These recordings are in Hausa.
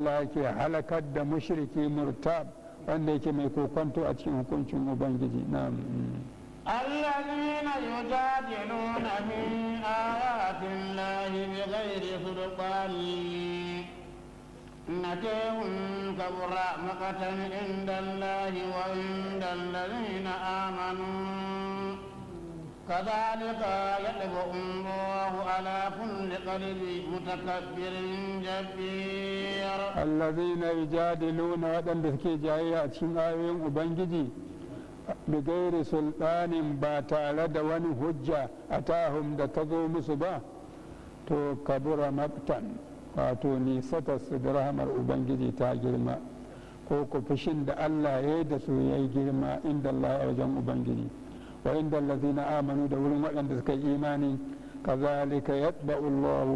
Allah yake halakar da mushriki murtab wanda yake mai kokonto a cikin hukuncin Ubangiji na الذين يجادلون في آيات الله بغير سلطان نتيهم كبر مقتا عند الله وعند الذين آمنوا كذلك يطبع الله على كل قلب متكبر جبير الذين يجادلون ودن بذكي جاية أتشن آيوين وبنجدي بغير سلطان باتال دوان حجة أتاهم دتضو مصبا تو كبر مقتا واتو نيسة السدرهم الأبنجدي تاجر ما كوكو فشند الله يدسو Allah ما عند الله su ya wa inda na amanu da wurin waɗanda suka yi imani kazalika yadda Allah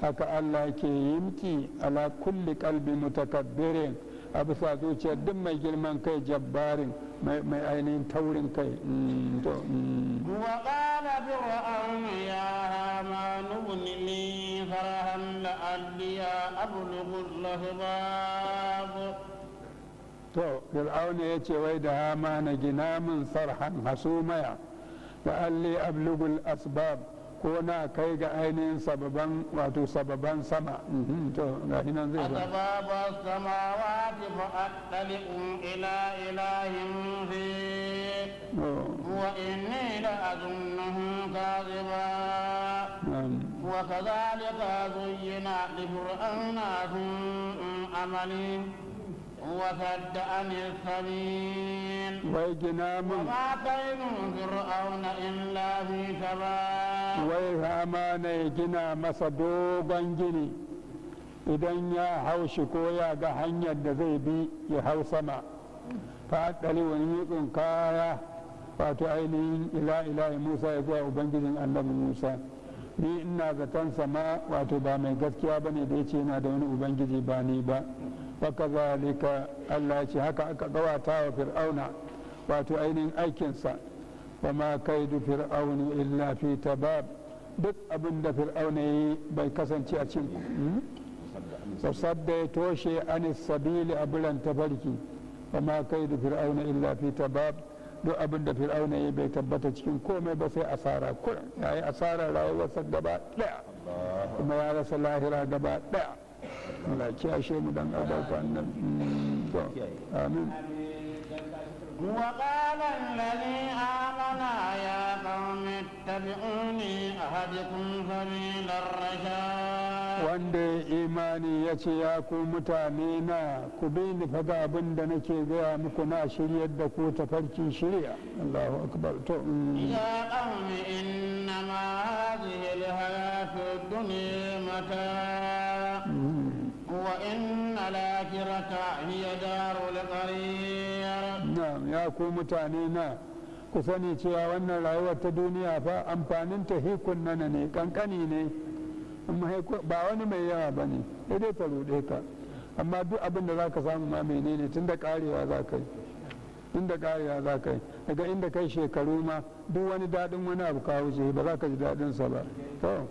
haka Allah ke yimki ala kulli qalbi mutakabbirin a bisa zuciyar duk mai girman kai jabbarin mai ainihin taurin kai ya to fir'auna ya ce wai da hama na gina min sarhan hasumaya wa alli ablugul asbab ko na kai ga ainihin sababan wato sababan sama to ga shi nan zai zo asbaba samawati fa attali'u ila ilahin fi wa inni la azunnahu kadhiba وكذلك زين لفرعون عمله وفد عن السبيل ويجنا من وما كيد فرعون إلا في تباب جني idan ya haushi ko ya ga hanyar da zai bi ya hau sama faɗali wani miƙin kaya wato ainihin ila ila musa ya zuwa ubangijin annabi musa ni ina zaton sama wato ba mai gaskiya ba ne da ya ce yana da wani ubangiji ba ni ba وكذلك الله هكا قواتا وفرعون واتو اين ايكنسا وما كيد فرعون الا في تباب دك ابن دا فرعون باي كسن تياتشن وصد توشي عن السبيل ابلن تفلكي وما كيد فرعون الا في تباب دو ابن دا فرعون باي تبتا تشن كومي بسي اصارا كل يعني اصارا لا يوصد دبا لا وما يا رسول الله لا دبا لا Allah kiyashe mu dan adalta annabi amin وقال الذي آمن يا قوم اتبعوني أهدكم سبيل الرشاد wanda imani ya ce ya ku mutane na ku bi ni faga abin da nake gaya muku na shiryar da ku tafarki shirya Allahu akbar to mm. ya qaumi inna ma hadhihi al-hayatu ad-dunya mata' وإن الآخرة هي دار القرير نعم يا كو ku sani cewa wannan rayuwar ta duniya fa amfanin ta hikun nana ne kankani ne ba wani mai yawa ba ne dai ta ruɗe ka amma duk abin da za ka samu ma menene tun da karewa za ka yi tun da karewa za ka yi daga inda kai shekaru ma duk wani daɗin wani abu ka wuce ba za ka ji daɗinsa ba to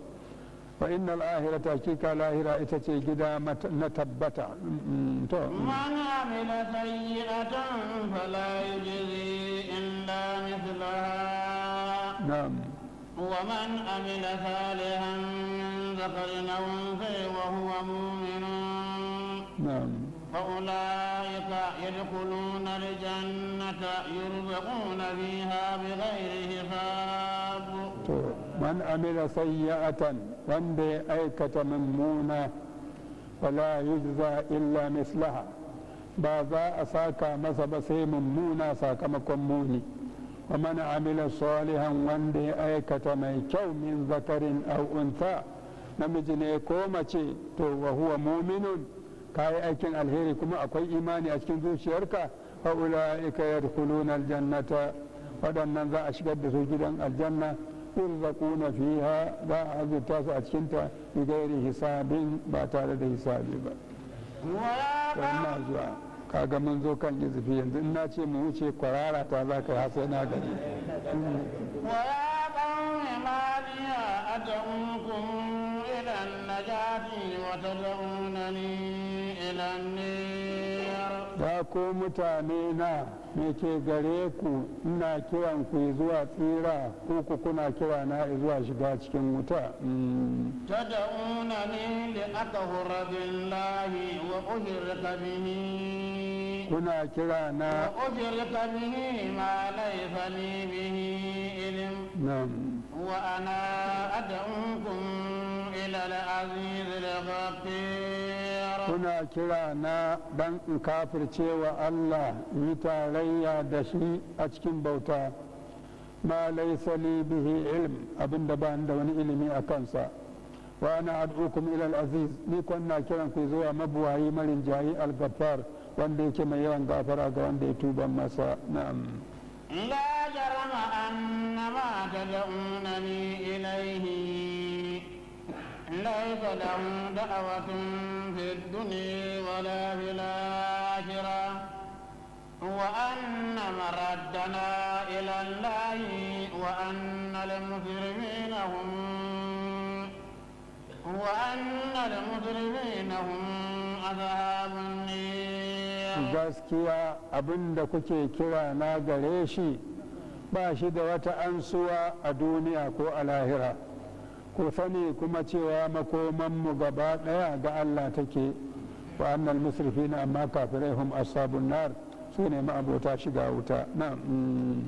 وإن الآخرة تأتيك الآهرة إتتي كذا نتبت من عمل سيئة فلا يجزي إلا مثلها نعم ومن عمل صالحا من ذكر أو أنثى وهو مؤمن نعم فأولئك يدخلون الجنة يرزقون فيها بغير حساب من عمل سيئة وانبه أيكة ممونة ولا يجزى إلا مثلها بازا أساكا مسبسي ممونة ساكا مكموني ومن عمل صالحا وانبه أيكة ميكو من ذكر أو أنثى نمجني كومتي تو وهو مؤمن كاي أيكن الهيري كما أكوي إيماني أشكن ذو شركة فأولئك يدخلون الجنة ودنن ذا أشكد سجدا الجنة, الجنة yurzaquna ha za a azurta su a cikin ta bi hisabin ba tare da hisabi ba wannan zuwa kaga mun zo kan izifi yanzu in na ce mu wuce kwarara ta za ka hasa na gari ya ko mutane na me gare ku ina kiran ku zuwa tsira ko ku kuna kira na zuwa shiga cikin wuta tad'una ni li akhra billahi wa uhirka bihi kuna kira na wa uhirka bihi ma laysa li bihi ilm na'am wa ana ad'ukum ila al-aziz al-ghafir suna kira na dan in kafircewa Allah yi tarayya da shi a cikin bauta ma laisa li bihi ilm abinda ba da wani ilimi a kansa wa ana ad'ukum ila al-aziz ni kunna kiran ku zuwa mabuwayi marin jayi al gaffar wanda yake mai yawan gafara ga wanda ya tuba masa na'am la jarama annama tad'unani ilayhi ليس لهم دعوة في الدنيا ولا في الآخرة وأن مردنا إلى الله وأن المجرمين هم وأن المجرمين هم أصحاب النير جاسكيا abin da kuke kira na gare shi ba shi ku sani kuma cewa makomanmu gaba ɗaya ga Allah take wa annal musrifina amma kafirai hum ashabun nar su ne ma'abota shiga wuta na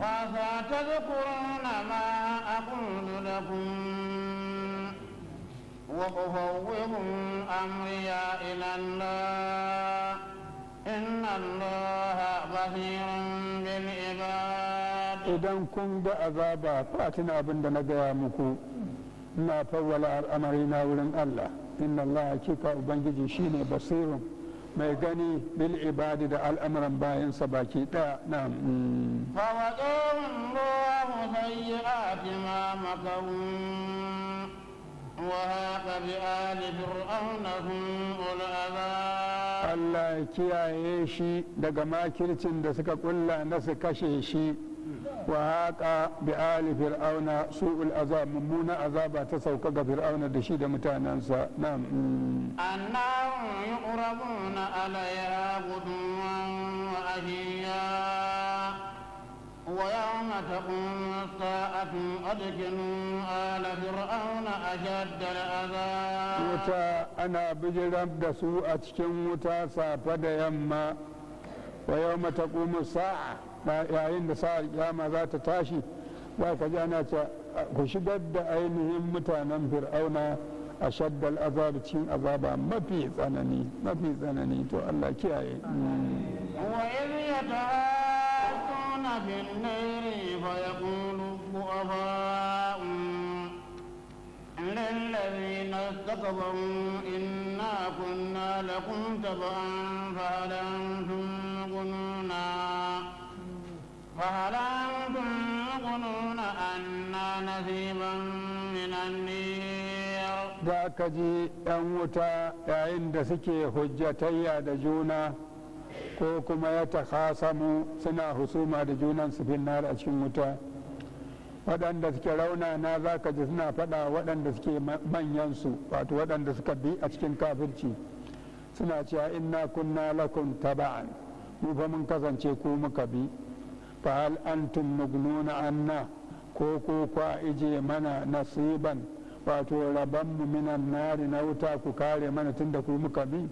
fa tadhkuruna ma aqulu lakum wa ufawwidu amriya ila Allah inna Allah basirun bil ibad idan kun ga azaba fa fatina abinda na gaya muku na fawwala al'amari na wurin Allah inna Allah hakika ubangiji shine basirun mai gani bil ibadi da al'amuran bayansa baki ɗaya na فوقاهم الله kiyaye shi daga وهاق بآل فرعون هم na الله kashe shi شيشي وهاكا بآل فرعون سوء العذاب ممونا عذاب تسوق فرعون دشيد متانانسا نعم أنهم يقربون عليها غدوا وأهيا ويوم تقوم الساعة أدخلوا آل فرعون أشد العذاب وتا أنا بجرب دسوء أتشم وتا صافد يما wa yau mata kuma sa'a yayin da sa'a kiyama za ta tashi ba ka ji ana ce ku shigar da ainihin mutanen fir'auna a shaddal azab azaba mafi tsanani mafi tsanani to Allah kiyaye wa يتعاطون في الليل فيقول الضعفاء للذين استكبروا إنا كنا لكم تبعا يوقنون فهل أنتم يوقنون أنا نصيبا من النير ذاك جي أموتا عند سكي حجتي دجونا ko kuma ya takasamu suna husuma da junan su finnar a cikin wuta waɗanda suke na za ka ji suna faɗa waɗanda suke manyansu wato waɗanda suka bi a cikin kafirci suna cewa inna kunna lakum taba'an mu fa mun kasance ko muka bi fa hal antum magnuna anna ko ko kwa ije mana nasiban wato rabon mu minan nari na wuta ku kare mana tunda ku muka bi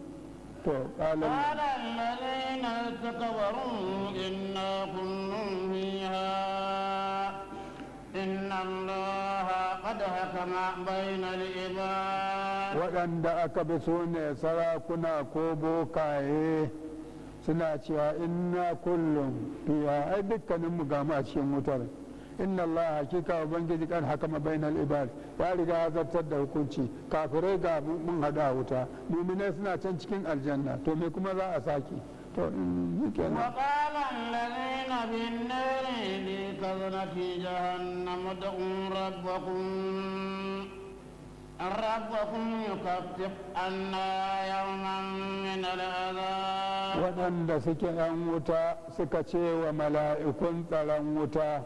to qala inna fiha wadanda aka bi sune sarakuna ko bokaye suna cewa inna kullum biya ai dukkanin mu a cikin wutar inna Allah hakika ubangiji kan hakama bainal ibad ya riga ya zartar da hukunci kafirai ga mun hada a wuta muminai suna can cikin aljanna to me kuma za a saki to وقال الذين في النار لكظنة جهنم ادعوا rabbakum waɗanda suke ‘yan wuta suka ce wa mala'ikun tsaron wuta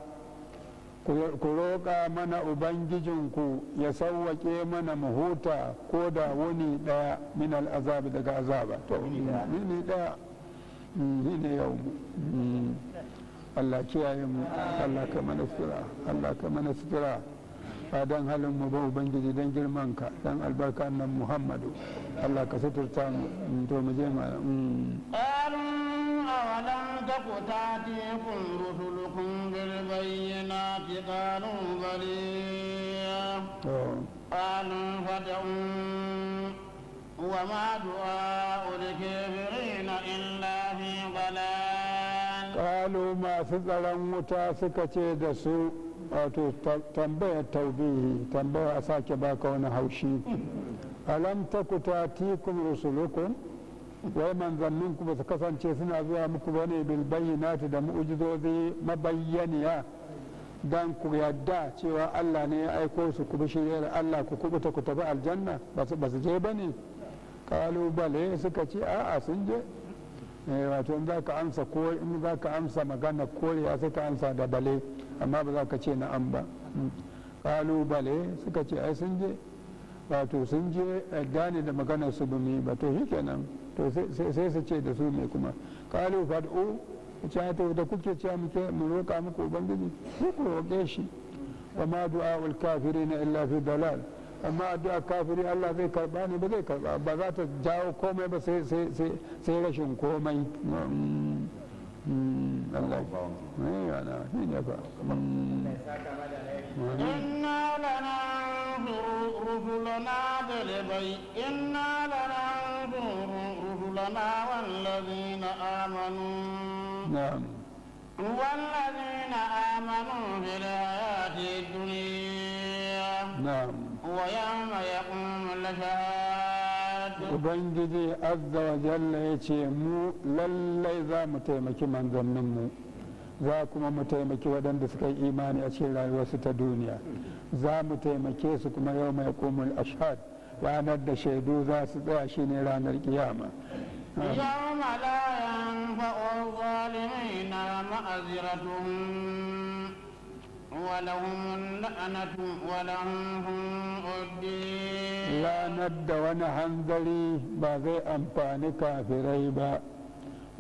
ku roƙa mana ubangijinku ya sauwaƙe mana muhuta ko da wuni ɗaya min al'azabi daga azaba to wuni ɗaya shi ne yau Allah kiyaye mu Allah ka mana sutura Allah ka mana sutura don halin mu bau ubangiji don girman ka don albarka nan muhammadu allah ka suturta mm, to mu je ma mm. an awalan ta kuta kun rusulukum bil bayyana fi qalu bali to an fadu wa ma du'a ulikafirin illa fi qalu masu tsaron wuta suka ce da su wato tambaya taubihi tambaya a sake baka wani haushi alam ta tikun rusulukun wai manzanninku ba su kasance suna zuwa muku bane bil ta da mu'ujizozi mabayyaniya dan ku yadda cewa Allah ne ya aiko su ku bi Allah ku kubuta ku tafi aljanna ba su je bane ne ƙalubale suka ce a'a sun je Eh, wato in za ka amsa ko in za ka amsa magana korewa sai ka amsa da bale amma ba za ka ce na an ba hmm. bale suka ce ai sun je wato sun je gane da magana su ba mu ba to shi kenan to sai su ce da su ne kuma kalu fad'u ce to da kuke cewa muke mu roƙa muku ubangiji ku roƙe shi wa ma du'a ul kafirina illa fi dalal amma addu'a kafiri Allah zai karba ne ba zai karba ba za ta jawo komai ba sai rashin komai إنا لننظر رسلنا بالبيت إنا لننظر رسلنا والذين آمنوا نعم والذين آمنوا بالحياة الدنيا نعم ويوم يقوم الأشهاد وبنجدي عز وجل يتي مو للي ذا متيمك من ذنب مو ذا كما متيمك ودن دسك إيماني أشيلا الوسط دنيا ذا متيمك يسكما يوم يقوم الأشهاد وعند الشهدو ذا ستعشين إلان القيامة يوم لا ينفع الظالمين ومأذرتهم ولهم اللعنة ولهم هم الدين ند ونهن ذلي بغي أمفاني كافري با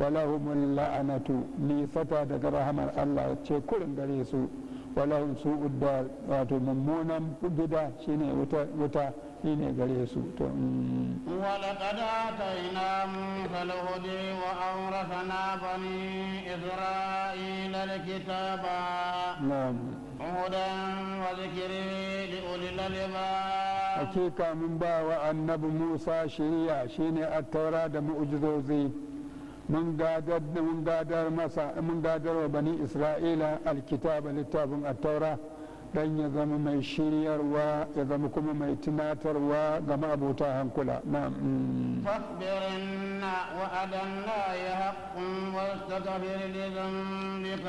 ولهم اللعنة نيفتا دقرهم الله تشي كل غريسو ولهم سوء الدار واتو ممونا بدا شيني وتا, وتا shi ne gare ولقد آتينا موسى الهدي وأورثنا بني إسرائيل الكتاب نعم هدى وذكر لأولي الألباب حقيقة من با النبي موسى شريعة شيني التوراة مؤجزوزي من قادر من قادر مسا من قادر بني إسرائيل الكتاب لتوب التوراة لن يظم ما يشير و يظمكم ما يتناتر و كما ابو تاهم كلا نعم فاخبرنا النا يا حق واستغفر لذنبك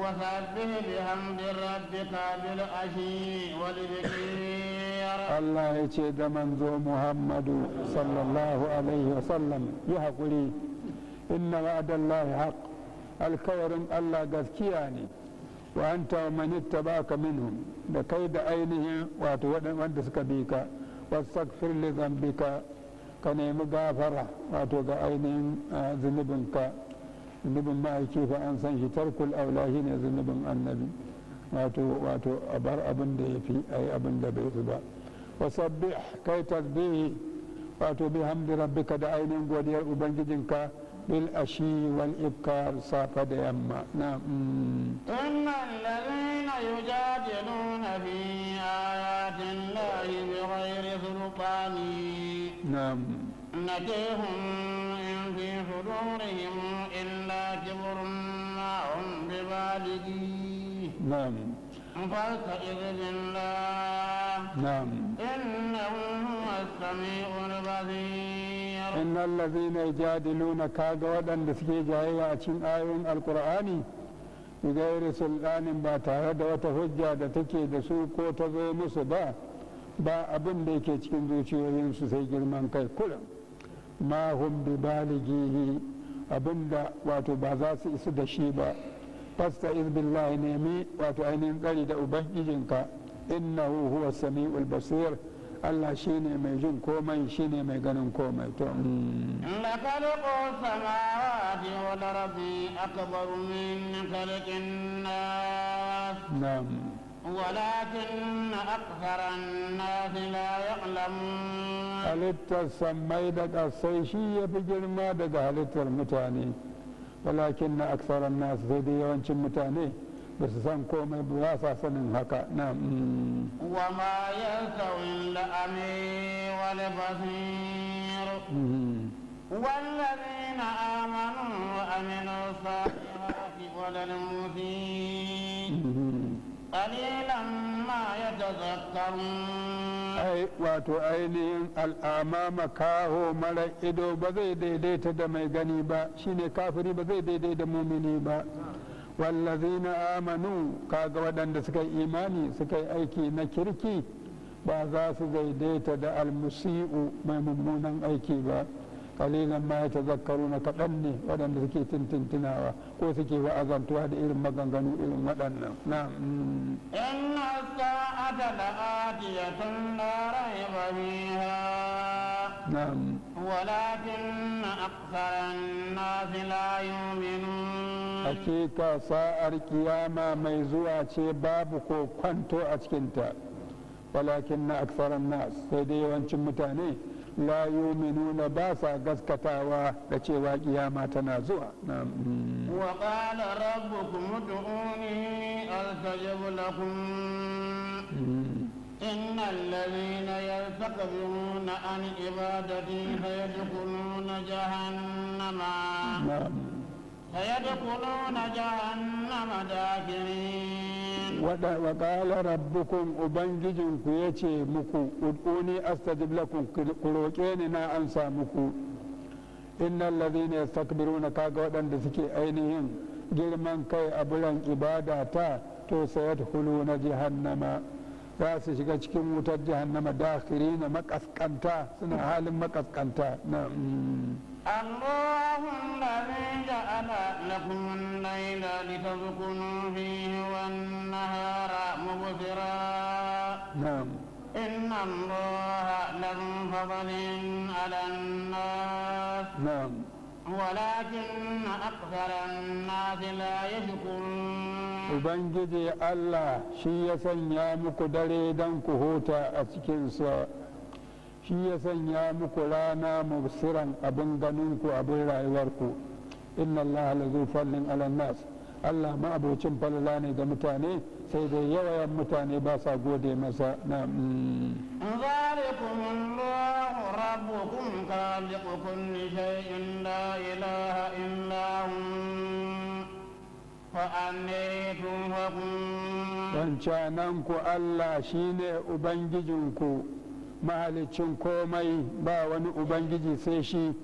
وفأذه بحمد قابل أشي والذكر الله يشهد ذو محمد صلى الله عليه وسلم يهقلي إن وعد الله حق الكورم الله قذكياني وأنت ومن اتبعك منهم لكيد عينه وأنت بيك واستغفر لذنبك كنيم غافرة وأتوقع عينهم آه، ذنبك نبم ما كيف أنسان ترك الأولاهين إذا نبم النبي واتو واتو أبر أبن دي في أي أبن دي بيغبا وسبح كي تربيه واتو بحمد ربك دعين وديل أبن جدنك بالأشي والإبكار صافة أما نعم إن الذين يجادلون في آيات الله بغير سلطان نعم نتيهم إن في صدورهم إلا كبر ما هم ببالغيه نعم فاستعذ بالله نعم إنه هو السميع البصير إن الذين يجادلون كاغودا لسكي آيون القرآن بغير سلطان tare da wata hujja da take da su ko ta zo musu ba ba abin da yake cikin zuciyoyinsu sai girman kai kullum ma hum bi balighihi abinda wato ba za su isu da shi ba fasta izbillahi nemi wato ainihin tsari da ubangijinka innahu huwa sami'ul basir Allah shi ne mai jin komai shi ne mai ganin komai to la khalqu samawati wal ardi akbar min khalqin nas na'am ولكن أكثر الناس لا يعلمون هلت سمي دقا الصيشية بجرما دقا هلت المتاني ولكن أكثر الناس زيدي وانش متاني بس سنكوم بواسع سنن هكا نعم وما يستوي الأمي والبصير والذين آمنوا وأمنوا الصالحات وللمثير wato ainihin al'ama makaho mara ido ba zai daidaita da mai gani ba shine kafiri ba zai daidai da mumini ba wallazina amanu kaga waɗanda suka yi imani suka yi aiki na kirki ba za su daidaita da almusi'u mai mummunan aiki ba قليلا ما يتذكرون تقني ودن سكي تنتنتناوا كو سكي وأذنتوا هذا إلم مغنغنو إلم مدن نعم إن الساعة لآتية لا ريب فيها نعم ولكن أكثر الناس لا يؤمنون حقيقة ساعة القيامة ميزوعة بابك كنتو أشكنتا ولكن أكثر الناس سيدي وانتم متاني la yu'minuna ba sa gaskatawa da cewa kiyama tana zuwa wa qala rabbukum ud'uni astajib lakum إن الذين يستكبرون عن عبادتي سيدخلون جهنم سيدخلون جهنم داخرين وقال ربكم أبنججن كيتي مكو ادعوني أستجب لكم كروكيني نا أنسى مكو إن الذين يستكبرون كاغودا دسكي أينهم girman kai a bulan ibada ta to sayadkhulu na jahannama za su shiga cikin wutar jahannama dakhiri na makaskanta suna halin makaskanta na الله الذي جعل لكم الليل لتسكنوا فيه والنهار مبصرا نعم إن الله لذو فضل على الناس نعم ولكن أكثر الناس لا يشكرون Ubangiji Allah shi ya sanya muku dare don ku shi ya sanya muku rana mubsiran abin ganinku abin rayuwarku inna Allah la zu fallin ala nas Allah ma abocin falala ne ga mutane sai dai yawayan mutane ba sa gode masa na ذلكم ku. ربكم خالق كل شيء لا ku. mahalicin komai ba wani ubangiji sai shi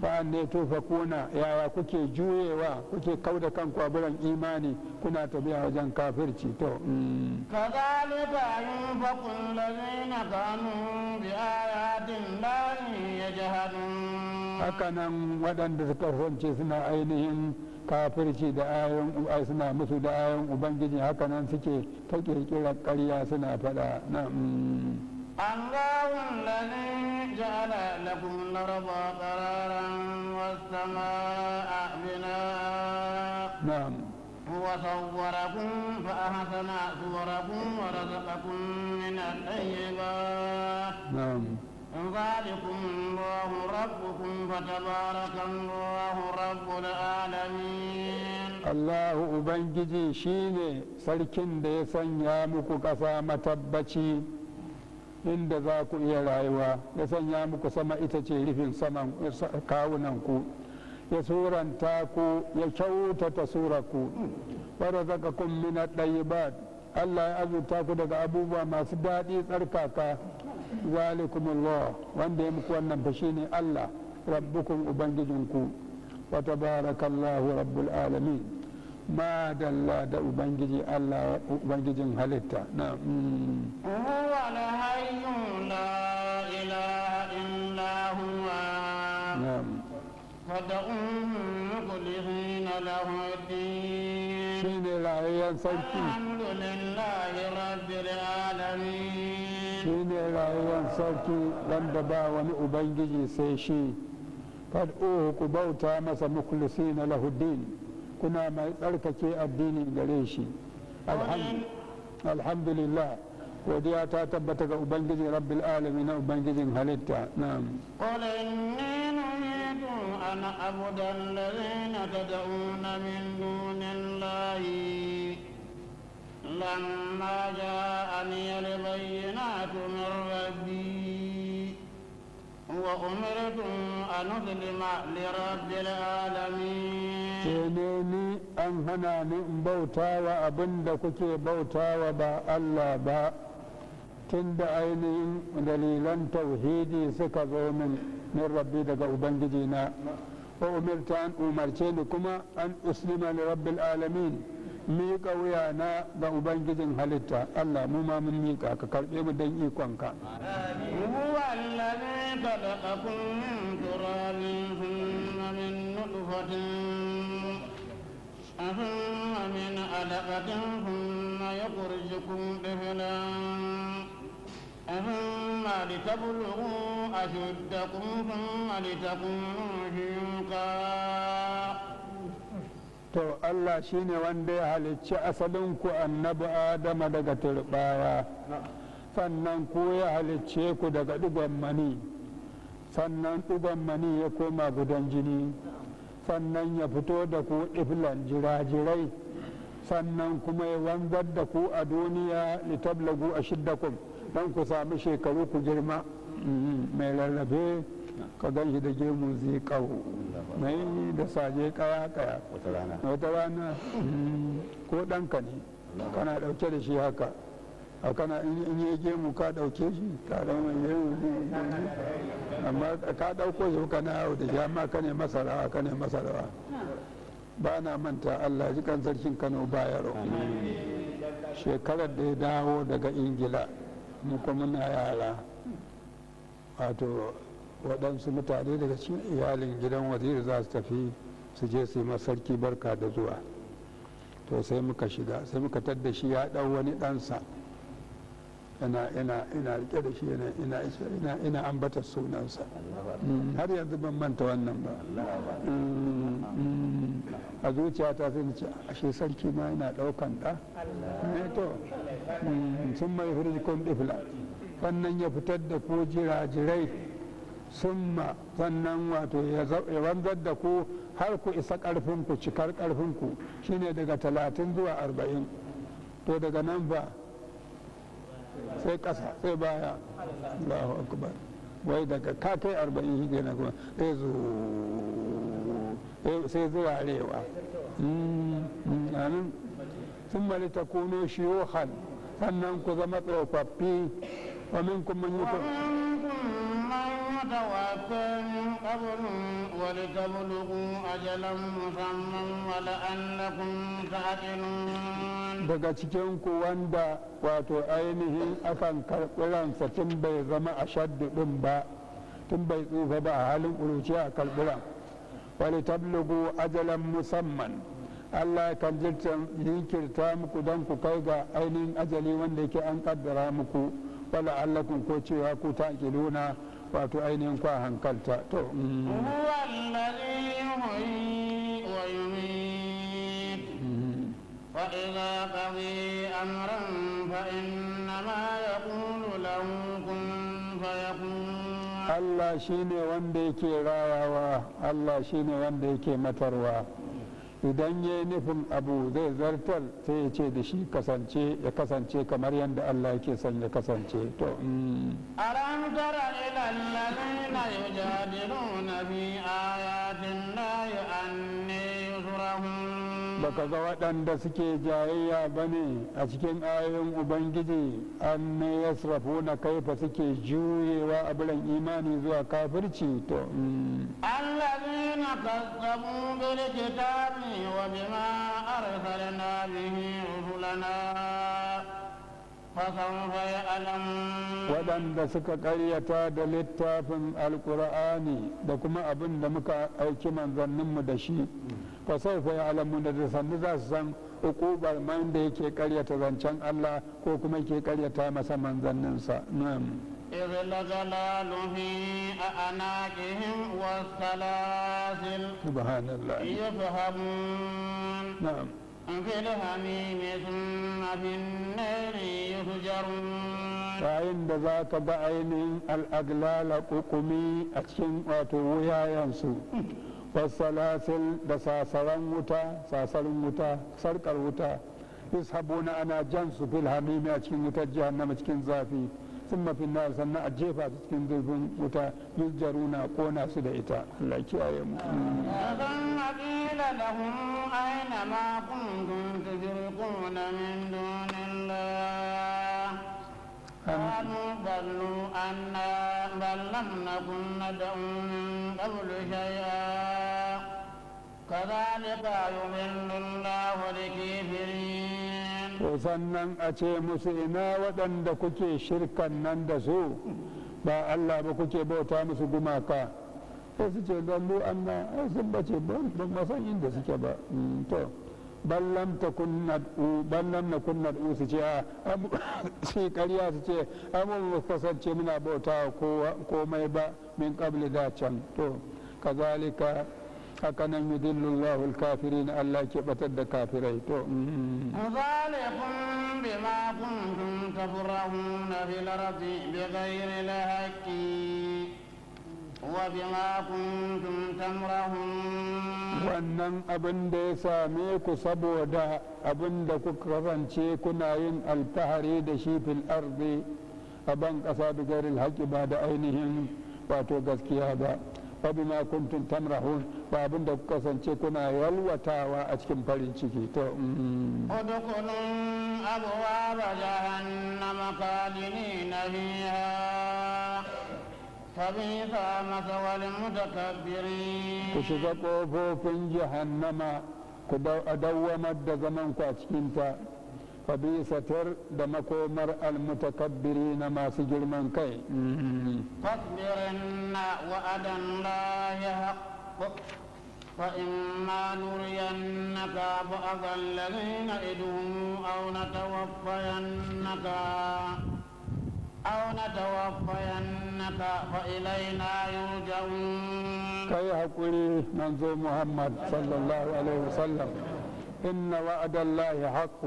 ba ne fa kuna yaya kuke juyewa kuke kauda kan kwaburan imani kuna biya wajen kafirci to kazalika kanu bi ayatin lahi yajhadun haka nan waɗanda suka fance suna ainihin kafirci da ayon suna musu da ayoyin ubangiji haka nan suke ta kirkirar karya suna fada. na الله الذي جعل لكم الأرض قرارا والسماء بناء نعم وصوركم فأحسن صوركم ورزقكم من الطيبات نعم ذلكم الله ربكم فتبارك الله رب العالمين الله أبنجي شيني سلكن دي سنيا مكوكا كفا متبتي inda za ku iya rayuwa ya sanya muku sama ita ce rufin saman kawunan ku ya suranta ku ya kyautata ku wadda zaka kun mina ɗayibat Allah ya azurta ku daga abubuwa masu daɗi tsarkaka zalikumullah wanda ya muku wannan fa shine Allah rabbukum ubangijinku wa tabarakallahu rabbul alamin ما دل دوبانجي الله وبانجي هلتا نعم هو الحي لا اله الا هو نعم فدعوه مخلصين له الدين الحمد لله رب العالمين شين الله سوكي لم بابا وني سيشي فدعوه كبوتا مثل مخلصين له الدين kuna mai tsarkake addinin gare shi alhamdulillah godiya ta tabbata ga ubangiji rabbil alamin na ubangijin halitta na'am qul inni nuhitu an abuda alladhina tad'una min dunillahi lamma ja'ani al-bayyinatu min rabbi وأمرت أن أظلم لرب العالمين كنيني أن هنا بوتا وأبن دكتي بوتا وبا الله با تند أيني دليلا توحيدي سكزو من من ربي دك أبنجينا وأمرت أن أمرتني كما أن أسلم لرب العالمين miƙa wuya na ga ubangijin halitta Allah mu ma mun miƙa ka karɓe mu don ikonka ثم من علقة ثم يخرجكم طفلا ثم لتبلغوا أشدكم ثم لتكونوا شيوخا to Allah shine wanda ya halicci asalinku annabi Adama daga turbaya sannan ku ya halicce ku daga ɗigon mani sannan ɗigon mani ya koma gudan jini sannan ya fito da ku iflan jirajirai sannan kuma ya wanzar da ku a duniya litablagu a shiddakum don ku sami shekaru ku girma mm-hmm. mai rarrabe ka gan shi da gemu zai kawo na yi da saje kaya kaya wata rana hmm, ko ɗanka ne kana ɗauke da shi haka a kana in yi gemu ka ɗauke shi ka ɗauma gemu amma ka ɗauko shi na yawo da shi amma ka ne masarawa ka ne masarawa ba na manta Allah ji kan sarkin Kano bayaro shekarar da ya dawo daga ingila mu kuma muna yara wato waɗansu mutane daga cikin iyalin gidan waziri za su tafi su je su yi masarki barka da zuwa to sai muka shiga sai muka tadda shi ya ɗau wani ɗansa ina ina ina rike da shi ina ina ina ambata sunansa har yanzu ban manta wannan ba mm, mm. a ta sai ce shi sarki ma yana ɗaukan da ne eh to mm, sun mai firjikon ɗifla wannan ya fitar da ko jirai. summa sannan wato ya wanzar da ku har ku isa ƙarfinku cikar ƙarfinku shine daga talatin zuwa arba'in to daga nan ba sai ƙasa sai baya Allahu akbar wai daga ka kai arba'in shi na kuma sai zo sai zuwa rewa hmm, hmm, anan sun mali ta kuno shiyohan sannan ku zama tsofaffi wa minkum man yutu daga cikin ku wanda wato ainihin akan karɓi tun bai zama a shaddu ɗin ba tun bai tsufa ba a halin ƙuruci a karɓi wani tablugu ajalan musamman Allah kan yinkirta muku don ku kai ga ainihin ajali wanda yake an ƙaddara muku wala allakun ko cewa ku ta wato ainihin kwa hankalta to فإذا قضي أمرا فإنما يقول له كن فيكون الله شيني وندي كي الله idan ya yi nufin abu zai zartar sai ya ce da shi kasance ya kasance kamar yadda Allah yake son ya kasance to mm. alam tara ila alladhina yujadiluna fi ayatin la yu'anni surahum baka ga waɗanda suke jayayya ba ne a cikin ayoyin ubangiji an na ya na kaifa suke juyewa a biran imani zuwa kafirci to الذين كذبوا بالكتاب وبما أرسلنا به رسلنا waɗanda suka ƙaryata da littafin Alƙur'ani da kuma abin da muka aiki manzanninmu da shi fa sai alamu da sannu za su san hukubar man da yake ƙaryata zancen Allah ko kuma yake ƙaryata masa manzanninsa na'am An kai da za ka ga ainihin al'adun lallai hukumi a cikin ƙwato-wuyayen su, Fassalatul da Sassaren Wuta, Sassaren Wuta, Sarkar Wuta, Bisham Wuna ana jan su fili a cikin wutar jiha na cikin zafi. sun mafi na sannan a jefa su cikin zurfin wuta yuzjaruna kona su da ita Allah kiyaye mu قالوا ضلوا عنا بل لم نكن ندعو من قبل شيئا كذلك يضل الله الكافرين sannan a ce musu ina waɗanda kuke shirkan nan da su ba Allah ba kuke bauta musu gumaka sai su ce dallu anna ai sun bace ban masan inda suke ba mm, to ballam ta u ballam na u su ce a ah, shi ƙarya su ce amun ah, mu kasance muna bauta kowa komai ba min kabli da can to kazalika فكان يدل الله الكافرين ألا كبت الدكافريت ظالق بما كنتم تفرهون في الأرض بغير الهك وبما كنتم تمرهون ونم أبن دي ساميك سبودا أبن دكوكرفان شيكنا إن التهريد شي في الأرض أبن قصاب غير الهك بعد عينهم باتو غزكي هذا wa bima kuntum tamrahun ba abin da kasance kuna yalwatawa a cikin farin ciki to mm. udkhulun abwaab jahannama khalidina fiha فبئس مثوى المتكبرين da قوفو في جهنم خبيثة دمكو مر المتكبرين ما في جرمان كي فاكبرنا وعد الله حق فإما نرينك بعض الذين إدهم أو نتوفينك أو نتوفينك فإلينا يرجعون كي يقول منذ محمد صلى الله عليه وسلم إن وعد الله حق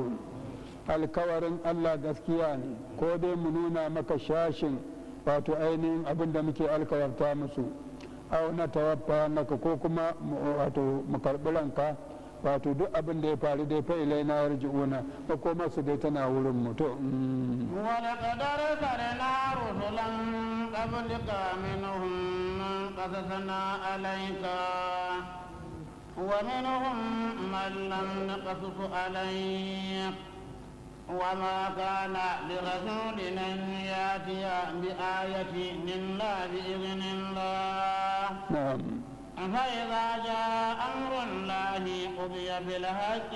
alkawarin Allah gaskiya ne ko dai mu nuna maka shashin wato ainihin abin da muke alkawarta musu au na tawaffa naka ko kuma wato mu karɓi ranka wato duk abin da ya faru dai fa ilai na yarji'una ba ko masu dai tana wurin mutum mm. wala qadara sarana rusulan qablika minhum man qasasna alayka wa minhum man lam alayka وما كان لرسول أن يأتي بآية إلا بإذن الله نعم فإذا جاء أمر الله قضي بالحق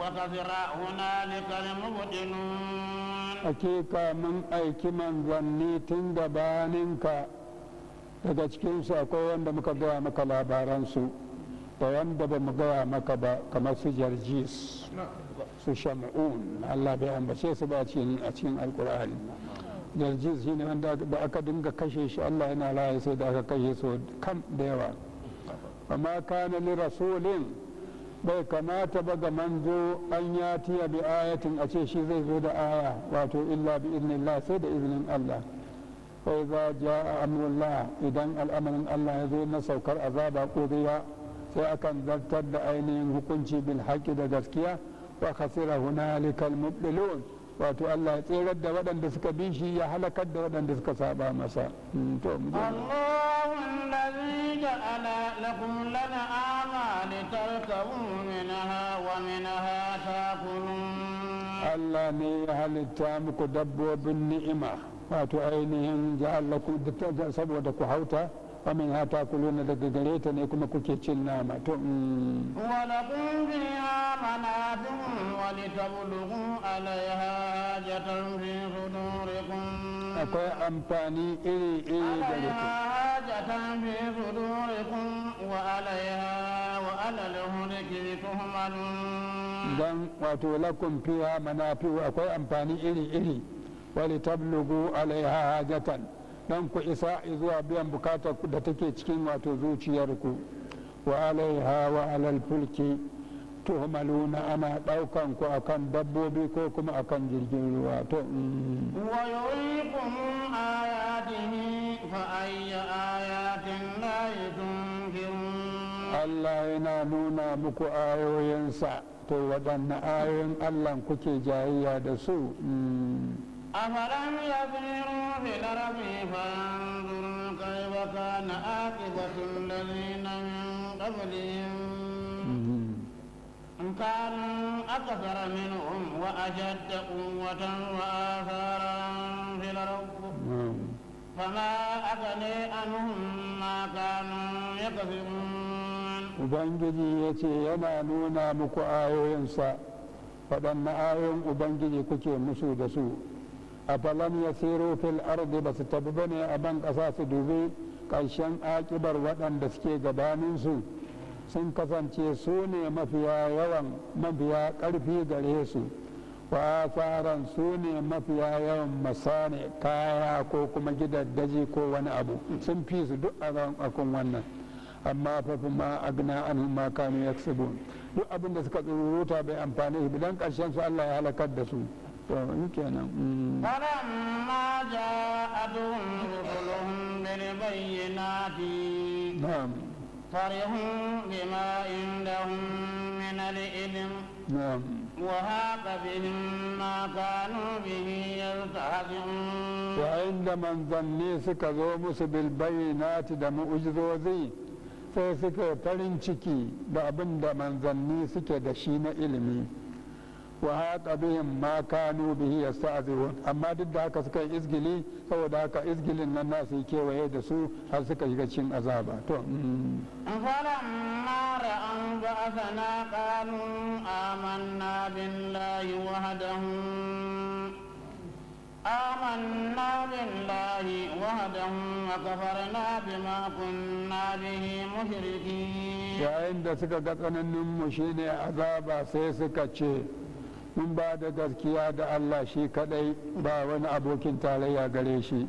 وكفر هنالك المبطلون حقيقة من أي كمن ظنيت دبانك daga cikinsu akwai wanda muka gaya maka labaransu da wanda ba mu gaya maka ba kamar su jarjis شمعون الله بيان بس يسبا أتين أتين القرآن نرجيز هنا من داك بأكدم كشيش الله إن الله يسود كشيش كم ديوا وما كان لرسول بكمات بغى منذو أن ياتي بآية أتشي زي زود آية واتو إلا بإذن الله سيد إذن الله فإذا جاء أمر الله إذن الأمر الله يزول نسوكر أذاب قضية سيأكن ذلتد أين ينهقنشي بالحق دا جسكيه وخسر هنالك المبدلون واتو الله تيرد دا دسك بيشي يا حلقة دا دسك سابا مسا الله الذي جعل لكم لنا آمان تركبون منها ومنها تاكلون الله نيها للتام كدبوا بالنعمة واتو عينهم جعل لكم دكتا سبوا حوتا wa min ha takuluna daga gareta ne kuma kuke cin nama to wa lakum fiha manafin wa akwai amfani iri iri da ku hajatan fi sudurikum wa alaiha wa alal akwai amfani iri iri wa litablugu alaiha hajatan don ku isa zuwa biyan bukatar da take cikin wato zuciyarku wa alaiha wa alal fulki tuhmaluna ana daukan ku akan dabbobi ko kuma akan jirgin ruwa to mm. wa yuriikum ayatihi fa ayya ayatin la Allah yana nuna muku ayoyinsa to waɗanne ayoyin Allah kuke jayayya da su mm. أفلم يسيروا في الأرض فينظروا كيف كان عاقبة الذين من قبلهم كانوا أكثر منهم وأشد قوة وآثارا في الأرض فما أغني عنهم ما كانوا يكسبون Ubangiji ya ce yana nuna muku ayoyinsa waɗanne ayoyin Ubangiji kuke musu da su afalam yasiru fil ardi ba su tabi ne a ban ƙasa su dubi ƙarshen akibar waɗanda suke gabaninsu sun kasance su ne mafiya yawan mafiya ƙarfi gare su wa su ne mafiya yawan masane kaya ko kuma gidaddaji ko wani abu sun fi su duk a kan wannan amma fafi ma agna an ma kanu yaksubun duk abin da suka tsururuta bai amfani shi bidan ƙarshen su Allah ya halakar da su ni kenan Walam mm. ma ja adun rusuluhum bil bayyinati Naam Farihu bima indahum min al ilm Naam Wa haqa bihim ma kanu bihi yaltahazun Wa inda man zanni suka zo musu bil bayyinati da mu'jizozi sai suka farin ciki da abin da manzanni suke da na ilimi wa haqa bihim ma kanu bihi yasta'zirun amma duk da haka suka yi izgili saboda haka izgilin na nasu kewaye da su har suka shiga cikin azaba to falamma ra'an ba'athana qalu amanna billahi wahdahu آمنا بالله وحده وكفرنا بما كنا به مشركين. يا عند سكا قطن النمو شيني عذابا سيسكا شيء mun ba da gaskiya da Allah shi kadai ba wani abokin tarayya gare shi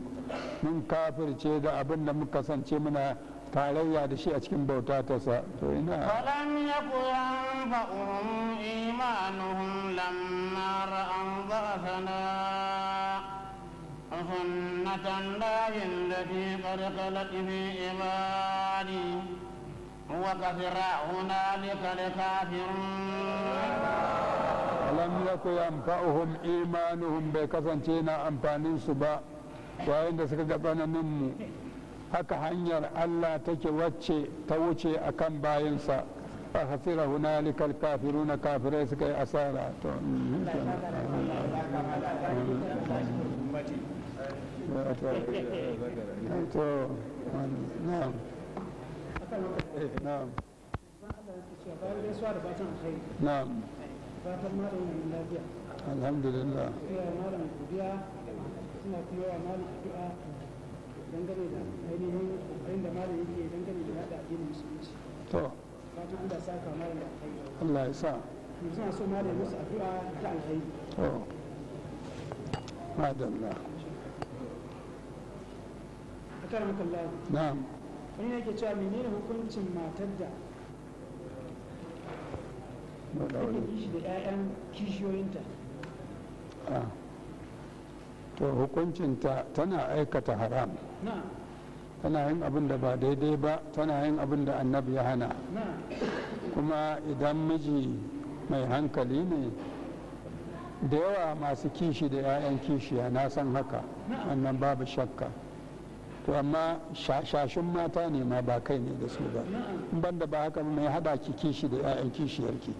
mun kafirce da abin da muka sance muna tarayya da shi a cikin bauta ta sa to ina falam yakun um imanuhum lamma ra'an dhafana سنة الله التي قد fi imani wa kafira hunalika lakafirun لم يكن ينفعهم إيمانهم بكثن تينا أمبانين سبا وعند سكتبان نمو هكا حنير ألا تكي واتشي توتشي أكام باينسا فخسر هنالك الكافرون كافرين سكي أسارا نعم نعم نعم fatan malam wani lafiya alhamdulillah ya malam godiya suna kuma yawa malam addu'a dangane da ainihin kokarin da malam yake dangane da yada addinin musulunci to fatan sa ka da Allah ya sa mu suna so musu addu'a ta to madalla na'am wani yake cewa menene hukuncin matar da Ah. to hukuncinta tana aikata haram tana yin abin da ba daidai ba tana yin abin da annabi ya hana kuma idan miji mai hankali ne da yawa masu kishi da 'ya'yan kishiya na san haka wannan babu shakka to amma shashin mata ne ma ba kai ne da su ba in banda ba haka mai hada ki kishi da 'ya'yan kishiyarki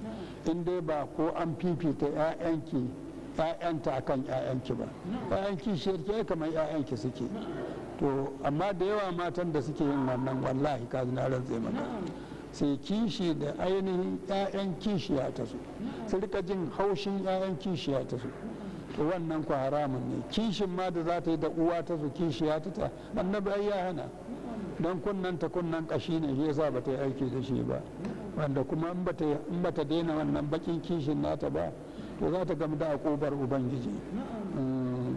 in dai ba ko an fifita 'ya'yanki ‘ya'yanta akan kan ‘ya'yanki ba ‘ya'yan kishiyarki ya kamar ‘ya'yanki suke to amma da yawa matan da suke yin wannan wallahi ka na rantse maka sai kishi da ainihin ‘ya'yan kishiya ta su su rika jin haushin ‘ya'yan kishiya ta su wannan ku haramun ne kishin ma da za ta yi da uwa ta su kishiya ta ta annabi ai ya hana don kunnan ta kunnan kashi ne shi yasa ba ta yi aiki da shi ba wanda kuma in ba ta daina wannan bakin kishin nata ba to za ta gamu da akobar ubangiji wannan mm.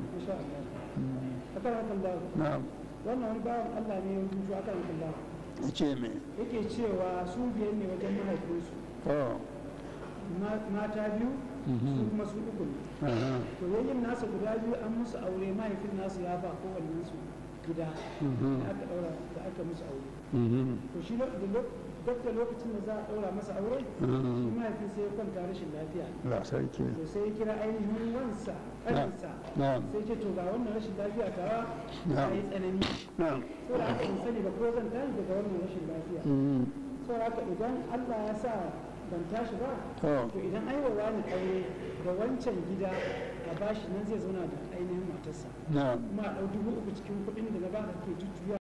mm. wani bawan Allah ne ya rubutu akan Allah ce me yake cewa su biyan ne wajen mahaifinsu oh. mata biyu Mm-hmm. su kuma su uku ne uh-huh. to yayin nasa guda biyu an musu aure mahaifin nasu ya ba kowannen su gida mm-hmm. da aka da aka musu aure mm-hmm. to shi duk da lokacin da za a daura masa aure shi mahaifin sai ya kwanta rashin lafiya to sai ya kira ainihin wansa ƙarinsa sai ce to ga wannan rashin lafiya tawa ta yi tsanani sai da aka sani ba ko zan tashi daga wannan rashin lafiya saboda haka idan Allah ya sa ban tashi ba to idan ai wa wani aure da wancan gida a bashi nan zai zauna da ainihin matarsa kuma a ɗau dubu uku cikin kuɗin da na ba ka ke jujjuya